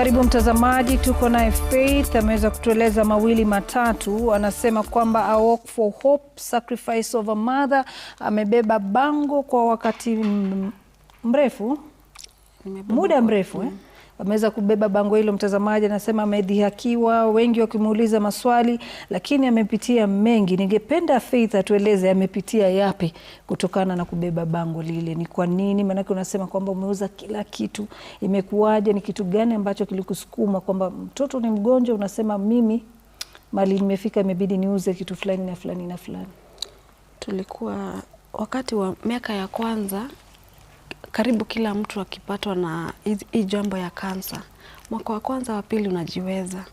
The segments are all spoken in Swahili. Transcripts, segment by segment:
Karibu mtazamaji, tuko naye Faith ameweza kutueleza mawili matatu. Anasema kwamba A Walk for Hope, Sacrifice of a Mother amebeba bango kwa wakati mrefu, muda mrefu eh? Mm ameweza kubeba bango hilo, mtazamaji anasema amedhihakiwa, wengi wakimuuliza maswali, lakini amepitia mengi. Ningependa Faith atueleze amepitia yapi kutokana na kubeba bango lile, ni kwa nini? Maanake unasema kwamba umeuza kila kitu, imekuwaje? Ni kitu gani ambacho kilikusukuma kwamba mtoto ni mgonjwa, unasema mimi mali nimefika, imebidi niuze kitu fulani na fulani na fulani? Tulikuwa wakati wa miaka ya kwanza karibu kila mtu akipatwa na hii jambo ya kansa, mwaka wa kwanza wa pili unajiweza,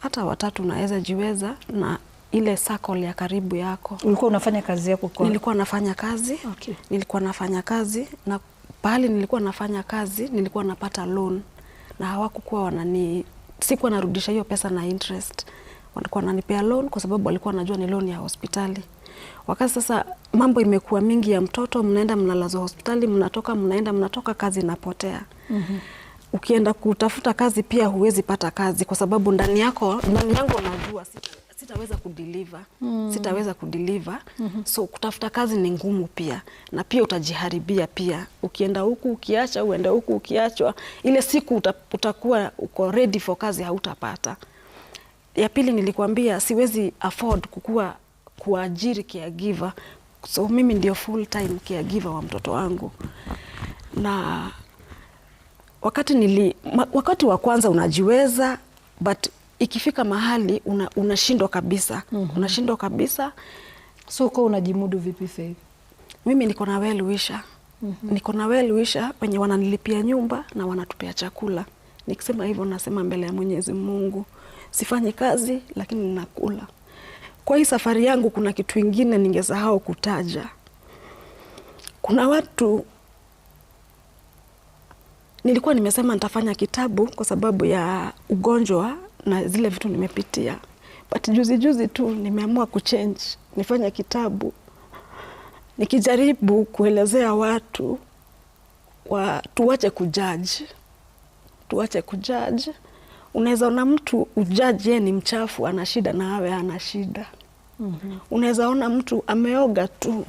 hata watatu unaweza jiweza na ile circle ya karibu yako. Ulikuwa unafanya kazi yako kwa? Nilikuwa nafanya kazi okay. Nilikuwa nafanya kazi na pahali nilikuwa nafanya kazi nilikuwa napata loan na hawakukuwa wanani, sikuwa narudisha hiyo pesa na interest, walikuwa wananipea loan kwa sababu walikuwa wanajua ni loan ya hospitali. Wakati sasa mambo imekuwa mingi ya mtoto, mnaenda mnalazwa hospitali, mnatoka mnaenda mnatoka, kazi inapotea. mm -hmm. Ukienda kutafuta kazi pia huwezi pata kazi, kwa sababu ndani yako ndani yangu unajua sitaweza kudiliva mm. sitaweza kudiliva mm -hmm. So kutafuta kazi ni ngumu pia, na pia utajiharibia pia, ukienda huku ukiacha, uende huku ukiachwa, ile siku utakuwa uko ready for kazi hautapata. Ya pili nilikwambia siwezi afford kukua kuajiri caregiver. So mimi ndio full time caregiver wa mtoto wangu, na wakati nili, wakati wa kwanza unajiweza but ikifika mahali unashindwa una kabisa mm -hmm. unashindwa kabisa. So uko unajimudu vipi sasa? Mimi niko na well wisher mm -hmm. niko na well wisher wenye wananilipia nyumba na wanatupea chakula. Nikisema hivyo nasema mbele ya Mwenyezi Mungu sifanyi kazi lakini ninakula. mm kwa hii safari yangu kuna kitu ingine ningesahau kutaja. Kuna watu nilikuwa nimesema nitafanya kitabu kwa sababu ya ugonjwa na zile vitu nimepitia, but juzi juzi tu nimeamua kuchange nifanye kitabu nikijaribu kuelezea watu wa tuwache kujaji, tuwache kujaji. Unaweza ona mtu ujaji ye ni mchafu, ana shida na awe ana shida. mm -hmm. Unaweza ona mtu ameoga tu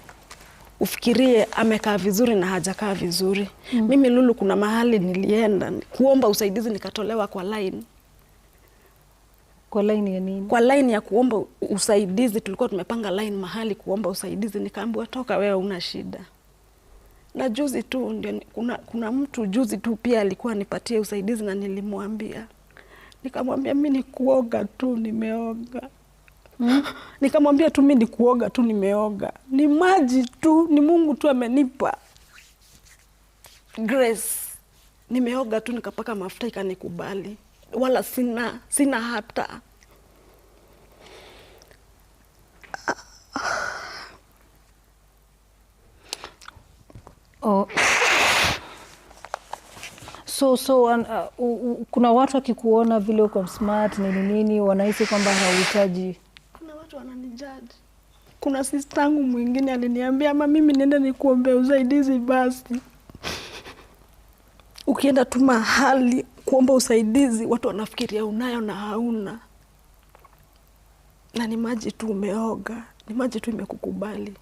ufikirie amekaa vizuri na hajakaa vizuri. mm -hmm. Mimi Lulu, kuna mahali nilienda kuomba usaidizi nikatolewa kwa line kwa laini ya nini? Kwa ya kuomba usaidizi. Tulikuwa tumepanga laini mahali kuomba usaidizi, nikaambiwa toka, wewe una shida. Na juzi tu ndio kuna, kuna mtu juzi tu pia alikuwa nipatie usaidizi na nilimwambia Nikamwambia mi nikuoga tu, nimeoga hmm? Nikamwambia tu mi nikuoga tu, nimeoga, ni maji tu, ni Mungu tu amenipa grace, nimeoga tu, nikapaka mafuta, ikanikubali, wala sina sina hata oh so, so an, uh, uh, kuna watu akikuona vile uko smart nini nini wanahisi kwamba hauhitaji. Kuna watu wananijaji. Kuna sistangu mwingine aliniambia ama mimi niende nikuombea usaidizi basi. Ukienda tu mahali kuomba usaidizi, watu wanafikiria unayo na hauna, na ni maji tu umeoga ni maji tu imekukubali.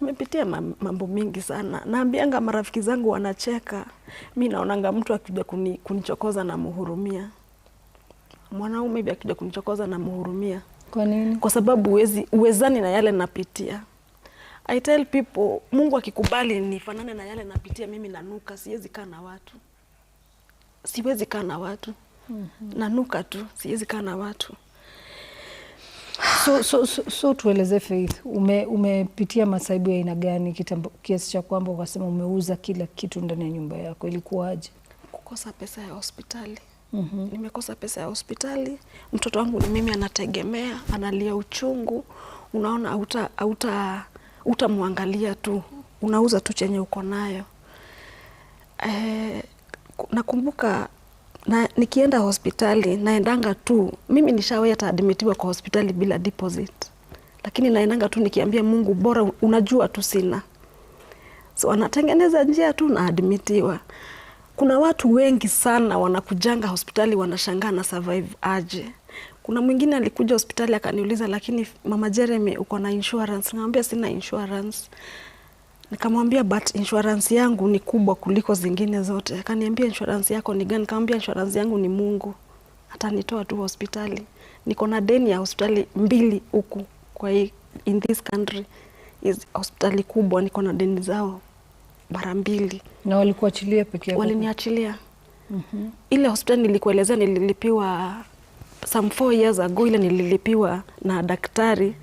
Nimepitia mambo mingi sana, naambianga marafiki zangu wanacheka, mi naonanga mtu akija kuni, kunichokoza na muhurumia mwanaume hivi akija kunichokoza na muhurumia. Kwa nini? Kwa sababu uwezi, uwezani na yale napitia. I tell people, Mungu akikubali nifanane na yale napitia mimi, nanuka, siwezi kaa na watu, siwezi kaa na watu mm -hmm. nanuka tu, siwezi kaa na watu So, so, so, so tueleze Faith, ume, umepitia masaibu ya aina gani kitambo kiasi cha kwamba ukasema umeuza kila kitu ndani ya nyumba yako, ilikuwaje? Kukosa pesa ya hospitali. mm -hmm. Nimekosa pesa ya hospitali, mtoto wangu ni mimi anategemea, analia uchungu. Unaona, auta uta, utamwangalia tu, unauza tu chenye uko nayo. E, nakumbuka na nikienda hospitali naendanga tu, mimi nishawai hata admitiwa kwa hospitali bila deposit, lakini naendanga tu nikiambia Mungu, bora unajua tu sina, so anatengeneza njia tu naadmitiwa Kuna watu wengi sana wanakujanga hospitali wanashangaa na survive aje. Kuna mwingine alikuja hospitali akaniuliza, lakini mama Jeremy, uko na insurance? Naambia sina insurance. Nikamwambia but insurance yangu ni kubwa kuliko zingine zote. Akaniambia insurance yako ni gani? Nikamwambia insurance yangu ni Mungu, atanitoa tu hospitali. Niko na deni ya hospitali mbili huku kwa hii, in this country is hospitali kubwa, niko na deni zao mara mbili. Na walikuachilia peke yako? Waliniachilia. mm -hmm. Ile hospitali nilikuelezea nililipiwa some four years ago, ile nililipiwa na daktari,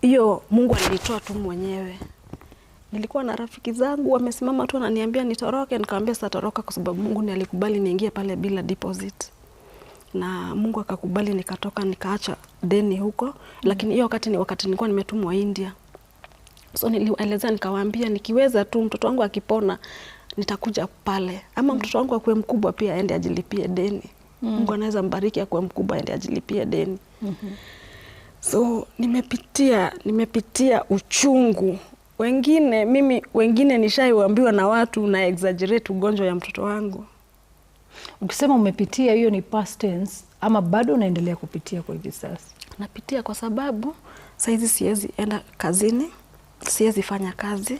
hiyo Mungu alitoa tu mwenyewe nilikuwa na rafiki zangu wamesimama tu ananiambia nitoroke, nikamwambia sitatoroka kwa sababu Mungu ni alikubali niingie pale bila deposit, na Mungu akakubali nikatoka, nikaacha deni huko. Lakini hiyo wakati ni wakati nilikuwa nimetumwa India, so niliwaelezea, nikawaambia nikiweza tu mtoto wangu akipona nitakuja pale, ama mtoto wangu akuwe mkubwa pia aende ajilipie deni. Mm. Mungu anaweza mbariki akuwe mkubwa aende ajilipie deni. Mm -hmm. So nimepitia nimepitia uchungu wengine mimi wengine nishaiambiwa na watu na exaggerate ugonjwa ya mtoto wangu. Ukisema umepitia hiyo ni past tense ama bado unaendelea kupitia kwa hivi sasa? Napitia kwa sababu saizi siwezi enda kazini, siwezi fanya kazi.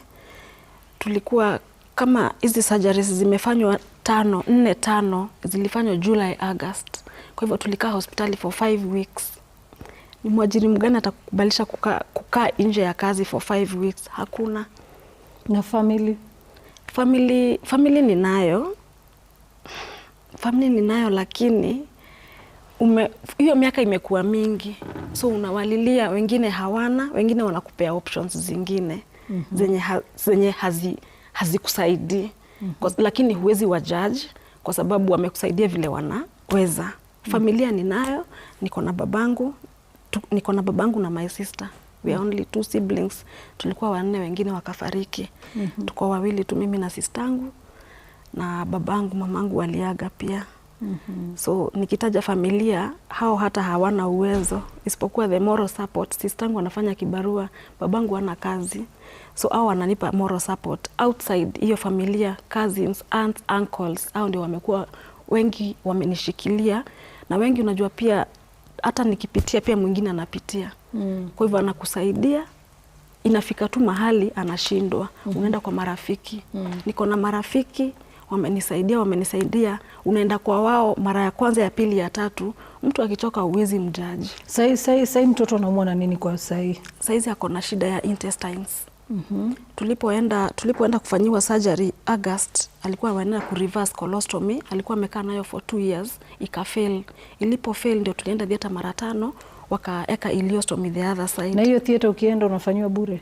Tulikuwa kama hizi surgeries zimefanywa tano, nne tano zilifanywa July, August. Kwa hivyo tulikaa hospitali for five weeks ni mwajiri mgani atakubalisha kukaa kuka nje ya kazi for five weeks? Hakuna. Na famili? Famili, famili ninayo, famili ninayo, lakini hiyo miaka imekuwa mingi, so unawalilia, wengine hawana, wengine wanakupea options zingine mm -hmm. zenye, ha, zenye hazikusaidii hazi mm -hmm. lakini huwezi wajaji kwa sababu wamekusaidia vile wanaweza. Mhm. Familia ninayo, niko na babangu niko na babangu na my sister we are only two siblings. Tulikuwa wanne, wengine wakafariki. mm -hmm. Tuko wawili tu, mimi na sistangu na babangu. Mamangu waliaga pia. mm -hmm. So nikitaja familia, hao hata hawana uwezo isipokuwa the moral support. Sistangu anafanya kibarua, babangu ana kazi, so hao wananipa moral support outside hiyo familia. Cousins, aunts, uncles, hao ndio wamekuwa wengi wamenishikilia, na wengi unajua pia hata nikipitia pia mwingine anapitia mm. Kwa hivyo anakusaidia, inafika tu mahali anashindwa mm. Unaenda kwa marafiki mm. Niko na marafiki wamenisaidia, wamenisaidia. Unaenda kwa wao mara ya kwanza, ya pili, ya tatu, mtu akichoka uwezi mjaji. Sahii sahii sahii mtoto anamwona nini kwa sahii? Sahizi ako na shida ya intestines -hmm. Tulipoenda, tulipoenda kufanyiwa surgery August, alikuwa wanaenda ku reverse colostomy, alikuwa amekaa nayo for two years ikafail. Ilipo fail ndio tulienda theater mara tano, wakaeka ileostomy the other side. Na hiyo theater ukienda unafanyiwa bure?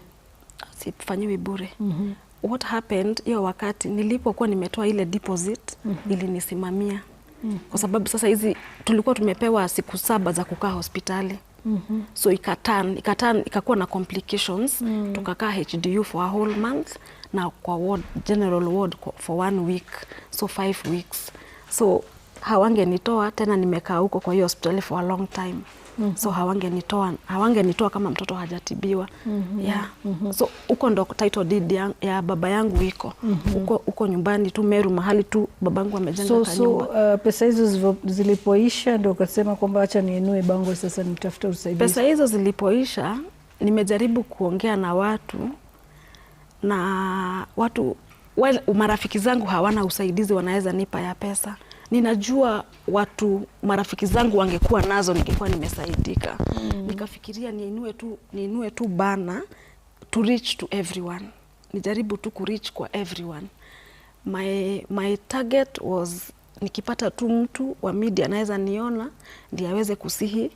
Sifanyiwi bure. mm -hmm. What happened hiyo wakati nilipokuwa nimetoa ile deposit mm -hmm. ilinisimamia mm -hmm. kwa sababu sasa hizi tulikuwa tumepewa siku saba za kukaa hospitali -hmm. so ikatan ikatan ikakuwa na complications mm. tukakaa HDU for a whole month na kwa ward, general ward for one week so five weeks so hawangenitoa tena, nimekaa huko kwa hiyo hospitali for a long time. -hmm. so hawangenitoa hawangenitoa kama mtoto hajatibiwa mm -hmm. yeah. mm -hmm. so huko ndo title deed ya, ya baba yangu iko mm mm-hmm. huko -hmm. nyumbani tu Meru, mahali tu babangu amejenga so, so, uh, pesa hizo zilipoisha ndo ukasema kwamba acha niinue bango sasa nitafute usaidizi. Pesa hizo zilipoisha, nimejaribu kuongea na watu na watu well, marafiki zangu hawana usaidizi wanaweza nipa ya pesa ninajua watu marafiki zangu wangekuwa nazo ningekuwa nimesaidika. mm. Nikafikiria niinue tu, niinue tu bana to reach to everyone, nijaribu tu kureach kwa everyone. My, my target was nikipata tu mtu wa media anaweza niona ndiye aweze kusihi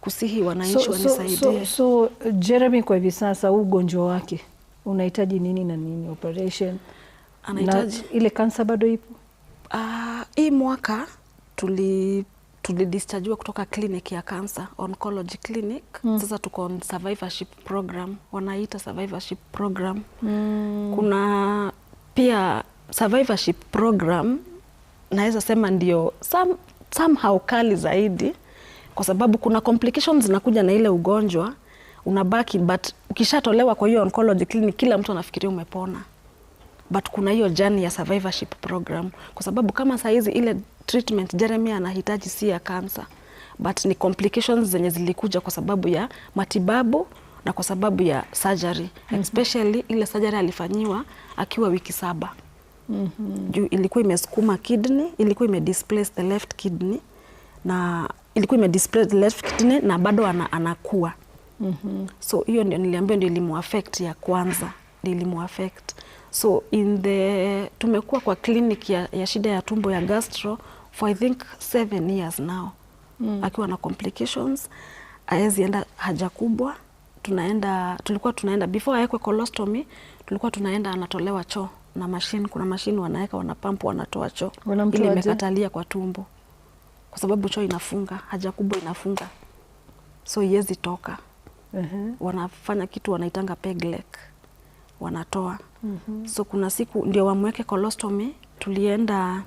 kusihi wananchi so, wanisaidie. So, so, so Jeremy kwa hivi sasa huu ugonjwa wake unahitaji nini na nini operation? Anahitaji ile kansa bado ipo? ah, hii mwaka tuli tulidischargewa kutoka clinic ya cancer oncology clinic mm. Sasa tuko on survivorship program, wanaita survivorship program mm. Kuna pia survivorship program naweza sema ndio some, somehow kali zaidi, kwa sababu kuna complications zinakuja na ile ugonjwa unabaki, but ukishatolewa kwa hiyo oncology clinic, kila mtu anafikiria umepona but kuna hiyo jani ya survivorship program, kwa sababu kama saa hizi ile treatment Jeremy anahitaji si ya kansa, but ni complications zenye zilikuja kwa sababu ya matibabu na kwa sababu ya surgery mm -hmm. especially ile surgery alifanyiwa akiwa wiki saba mm -hmm. juu ilikuwa imesukuma kidney, ilikuwa ime displace the left kidney na ilikuwa ime displace the left kidney na bado ana, anakuwa mm -hmm. so hiyo ndio niliambia ndio ilimuaffect ya kwanza, ndio ilimuaffect so in the tumekuwa kwa clinic ya, ya shida ya tumbo ya gastro for I think seven years now mm. akiwa na complications aezi enda haja kubwa, tunaenda tulikuwa tunaenda before awekwe colostomy, tulikuwa tunaenda anatolewa choo na mashine. Kuna mashine wanaweka wanapampu, wanatoa choo ili imekatalia kwa tumbo, kwa sababu choo inafunga, haja kubwa inafunga, so iwezi toka. uh -huh. wanafanya kitu wanaitanga peg leg wanatoa mm -hmm. So kuna siku ndio wamweke colostomy, tulienda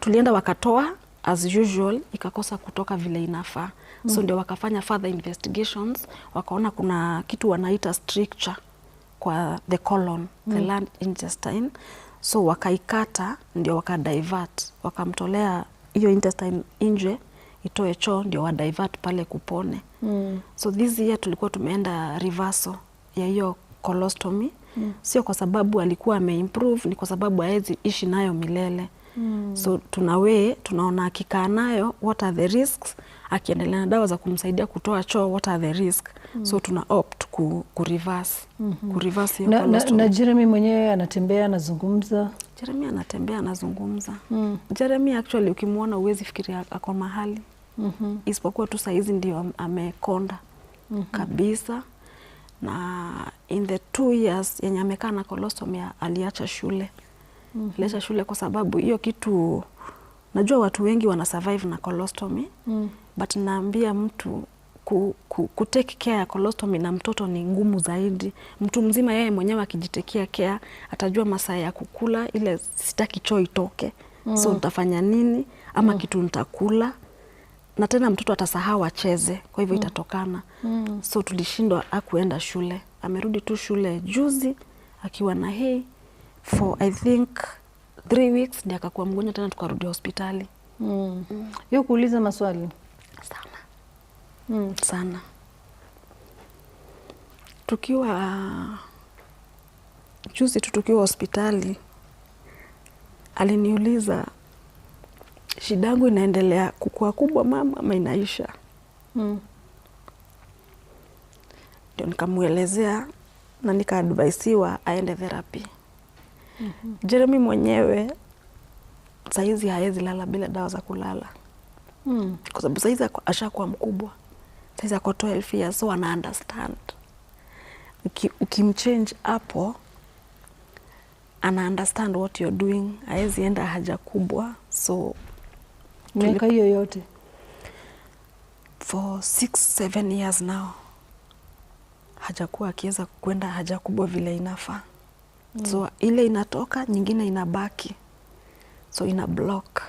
tulienda wakatoa as usual, ikakosa kutoka vile inafaa mm -hmm. So ndio wakafanya further investigations, wakaona kuna kitu wanaita stricture kwa the colon the mm. large intestine so wakaikata, ndio wakadivert, wakamtolea hiyo intestine nje itoe choo, ndio divert pale kupone mm. So this year tulikuwa tumeenda reversal ya hiyo colostomy mm. Sio kwa sababu alikuwa ameimprove, ni kwa sababu hawezi ishi nayo milele mm. So tunawe tunaona akikaa nayo what are the risks, akiendelea na dawa za kumsaidia kutoa choo what are the risk mm. So tuna opt ku, ku reverse mm -hmm. ku reverse hiyo na, na, na Jeremy mwenyewe anatembea anazungumza Jeremy anatembea anazungumza mm. Jeremy actually ukimwona uwezi fikiria ako mahali mm -hmm. Isipokuwa tu saizi ndio amekonda mm -hmm. kabisa na in the two years yenye amekaa na colostomy aliacha shule mm -hmm. aliacha shule kwa sababu hiyo kitu, najua watu wengi wana survive na colostomy mm. but naambia mtu ku, ku, ku take care ya colostomy na mtoto ni ngumu zaidi. Mtu mzima yeye mwenyewe akijitekea care atajua masaa ya kukula, ile sitaki choo itoke mm. so nitafanya nini ama mm. kitu nitakula na tena mtoto atasahau acheze, kwa hivyo mm. itatokana mm. so tulishindwa akuenda shule, amerudi tu shule juzi akiwa na hii for I think three weeks ndi akakuwa mgonjwa tena, tukarudi hospitali mm. mm. yo kuuliza maswali sana mm. sana tukiwa juzi tu tukiwa hospitali aliniuliza shida yangu inaendelea kukua kubwa mama, ama inaisha? mm. Ndio nikamwelezea na nikaadvaisiwa aende therapy. mm -hmm. Jeremy mwenyewe sahizi hawezi lala bila dawa za kulala mm. kwa sababu sahizi ashakuwa mkubwa, sahizi ako 12 years, so ana understand ukimchange hapo ana understand what you're doing, haezi enda haja kubwa so miaka hiyo yote for six 7 years now hajakuwa akiweza kwenda haja kubwa vile inafaa mm. So ile inatoka nyingine inabaki, so ina block.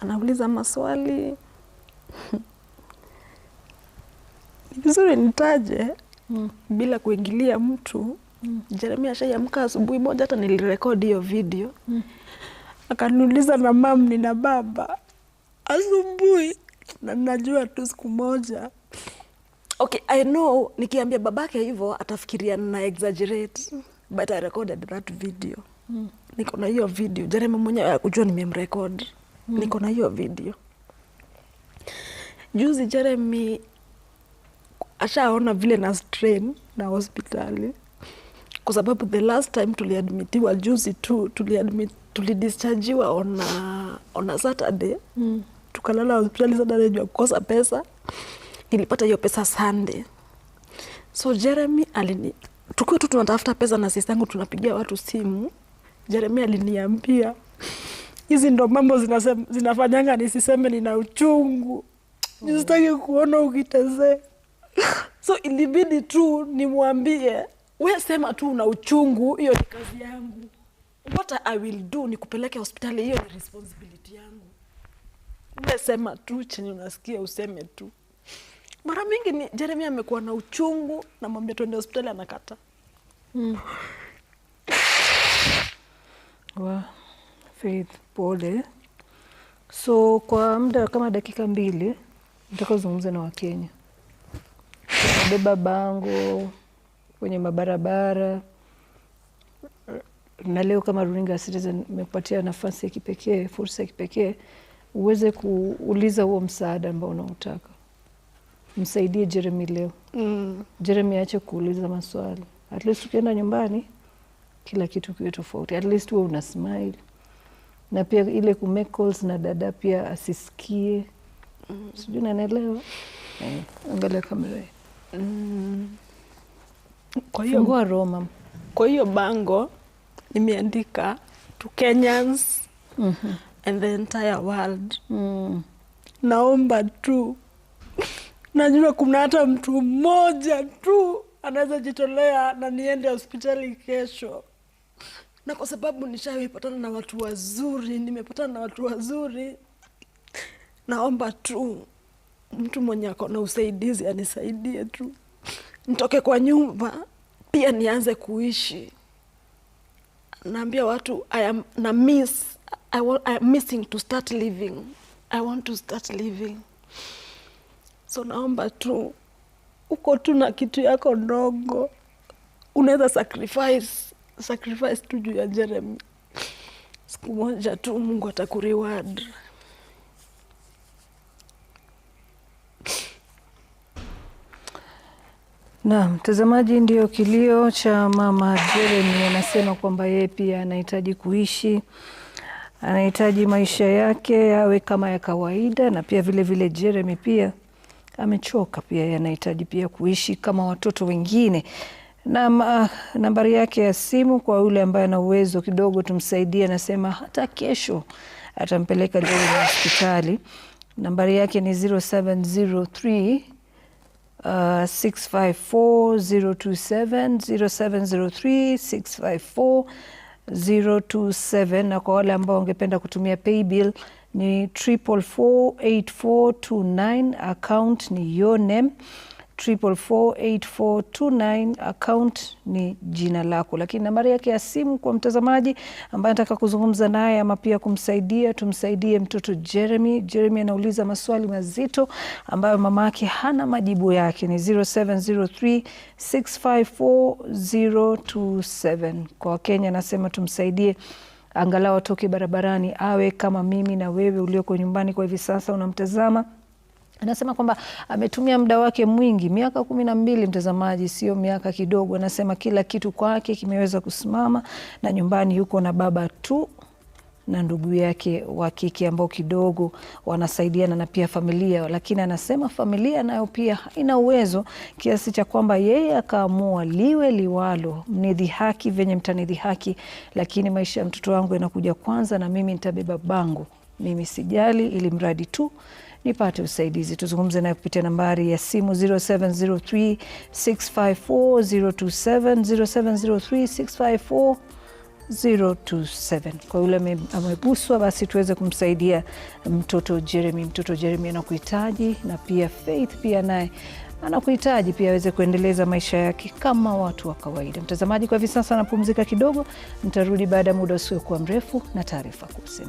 Anauliza maswali ni vizuri nitaje mm. bila kuingilia mtu mm. Jeremia ashaiamka asubuhi moja, hata nilirekodi hiyo video mm akaniuliza na mam ni na baba asubuhi, na najua tu siku moja. Okay, I know nikiambia babake hivyo atafikiria na exaggerate, but I recorded that video mm. Niko na hiyo video, Jeremy mwenyewe akujua nimemrekod mm. Niko na hiyo video juzi. Jeremy ashaona vile na strain na hospitali kwa sababu the last time tuliadmitiwa juzi tu tuliadmit tulidischajiwa ona, uh, ona Saturday mm. tukalala hospitali Saturday juu kukosa pesa. Nilipata hiyo pesa Sunday, so Jeremy alini tukiwa tu tunatafuta pesa na sisi yangu tunapigia watu simu. Jeremy aliniambia hizi ndo mambo zinafanyanga zinafanyanga nisiseme nina uchungu mm. nisitaki kuona ukitezee so ilibidi tu nimwambie we sema tu una uchungu, hiyo ni kazi yangu what I will do ni kupeleke hospitali. Hiyo ni responsibility yangu. Umesema tu chenye unasikia useme tu. Mara mingi ni Jeremy amekuwa na uchungu, namwambia tuende hospitali, anakata mm. Wa Faith, pole. So kwa muda kama dakika mbili nataka uzungumze na Wakenya, beba bango kwenye mabarabara na leo kama runinga Citizen imepatia nafasi ya kipekee, fursa ya kipekee uweze kuuliza huo msaada ambao unautaka. Msaidie Jeremy leo mm. Jeremy aache kuuliza maswali. At least ukienda nyumbani kila kitu kiwe tofauti, at least wewe una smile na pia ile ku make calls na dada pia asisikie mm. Sijui nanaelewa eh, angalia kamera mm. Kwa hiyo kwa hiyo bango nimeandika to Kenyans mm -hmm. and the entire world mm. Naomba tu najua kuna hata mtu mmoja tu anaweza jitolea na niende hospitali kesho, na kwa sababu nishawepatana na watu wazuri, nimepatana na watu wazuri. Naomba tu mtu mwenye ako na usaidizi anisaidie tu nitoke kwa nyumba, pia nianze kuishi naambia watu I am, na miss, I, I am missing to start living. I want to start living. So naomba tu uko tu na kitu yako ndogo unaweza sacrifice sacrifice tu juu ya Jeremy. Siku moja tu Mungu atakureward. Na mtazamaji, ndio kilio cha mama Jeremy. Anasema kwamba yeye pia anahitaji kuishi, anahitaji maisha yake yawe kama ya kawaida, na pia vile vile Jeremy pia amechoka, pia anahitaji pia kuishi kama watoto wengine. Na ah, nambari yake ya simu kwa yule ambaye ana uwezo kidogo tumsaidie anasema hata kesho atampeleka Jeremy hospitali. Nambari yake ni 0703 Uh, 6540703 65407 na kwa wale ambao wangependa kutumia paybill ni 4448429 account ni Your Name 4448429 account ni jina lako, lakini nambari yake ya simu kwa mtazamaji ambaye anataka kuzungumza naye ama pia kumsaidia, tumsaidie mtoto Jeremy. Jeremy anauliza maswali mazito ambayo mama yake hana majibu yake, ni 0703654027 kwa Wakenya. Anasema tumsaidie angalau atoke barabarani, awe kama mimi na wewe ulioko nyumbani kwa hivi sasa unamtazama Anasema kwamba ametumia muda wake mwingi, miaka kumi na mbili, mtazamaji, sio miaka kidogo. Anasema kila kitu kwake kimeweza kusimama na nyumbani yuko na baba tu na ndugu yake wa kike ambao kidogo wanasaidiana na pia familia, lakini anasema familia nayo pia haina uwezo kiasi cha kwamba yeye akaamua liwe liwalo, mnidhi haki venye mtanidhi haki, lakini maisha ya mtoto wangu yanakuja kwanza, na mimi nitabeba bango, mimi sijali, ili mradi tu nipate usaidizi. Tuzungumze naye kupitia nambari ya simu 0703654027, 0703654027. Kwa yule amebuswa, basi tuweze kumsaidia mtoto Jeremy. Mtoto Jeremy anakuhitaji na pia Faith pia naye anakuhitaji pia aweze kuendeleza maisha yake kama watu wa kawaida. Mtazamaji, kwa hivi sasa anapumzika kidogo, nitarudi baada ya muda usiokuwa mrefu na taarifa kuu.